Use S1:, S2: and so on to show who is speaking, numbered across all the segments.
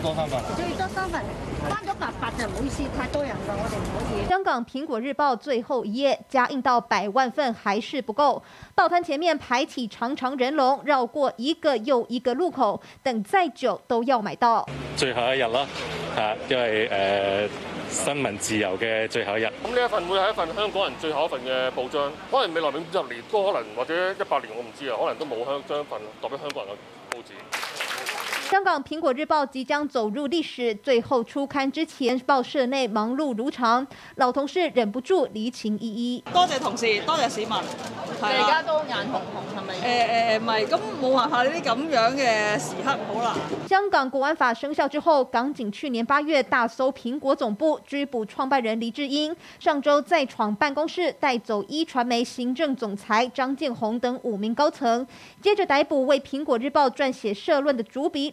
S1: 多分最多三份，翻咗八八就唔好意
S2: 思太多人
S3: 啦，我哋唔可以。香港蘋果日報最後一夜加印到百萬份還是不夠，報攤前面排起長長人龍，繞過一個又一個路口，等再久都要買到。
S4: 最後一日啦，吓，因為誒、呃、新聞自由嘅最後一日。咁
S3: 呢一份會係一份香港人最後一份嘅報章，可能未來五十年，多可能
S5: 或者一百年，我唔知啊，可能都冇香將份代表香港人嘅報紙。
S3: 香港《蘋果日報》即將走入歷史，最後出刊之前，報社內忙碌如常，老同事忍不住離情依依。
S1: 多謝同事，多謝市民。啊、大家都眼紅紅，係咪？誒、欸、誒，唔係，咁冇辦法呢啲咁樣嘅時刻好啦。
S3: 香港國安法生效之後，港警去年八月大搜蘋果總部，拘捕創辦人黎智英。上周再闖辦公室，帶走壹傳媒行政總裁張建宏等五名高層，接着逮捕為《蘋果日報》撰寫社論的主筆。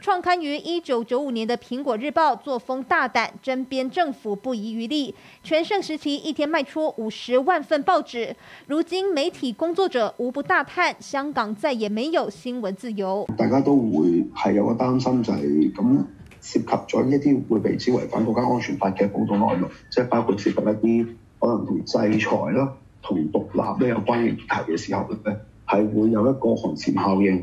S3: 創刊於一九九五年的《蘋果日報》作風大膽，針砭政府不遺餘力。全盛時期一天賣出五十萬份報紙。如今媒體工作者無不大嘆香港再也沒有新聞自由。
S2: 大家都會係有個擔心就係咁涉及咗一啲會被指違反國家安全法嘅普通內容，即係包括涉及一啲可能同制裁啦、同獨立咧
S5: 有關嘅題嘅時候咧，係會有一個寒蟬效應。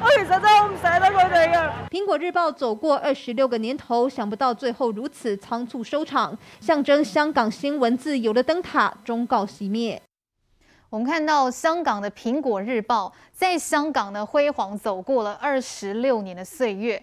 S3: 我其實都唔捨得佢哋嘅。蘋 果日報走過二十六個年頭，想不到最後如此倉促收場，
S6: 象徵香港新聞自由的燈塔終告熄滅。我們看到香港的蘋果日報在香港的輝煌走過了二十六年的歲月。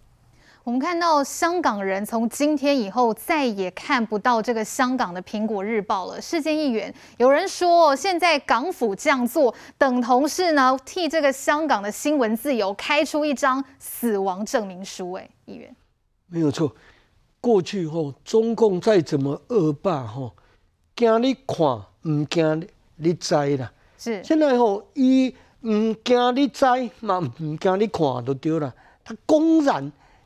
S6: 我們看到香港人從今天以後再也看不到這個香港的《蘋果日報》了。世堅議員，有人說現在港府這樣做，等同是呢替這個香港的新聞自由開出一張死亡證明書。哎，議員，
S5: 沒有錯。過去後、哦、中共再怎麼惡霸吼、哦，驚你看，唔驚你知啦。是，現在吼、哦，伊唔驚你知嘛，唔驚你看都對啦。他公然。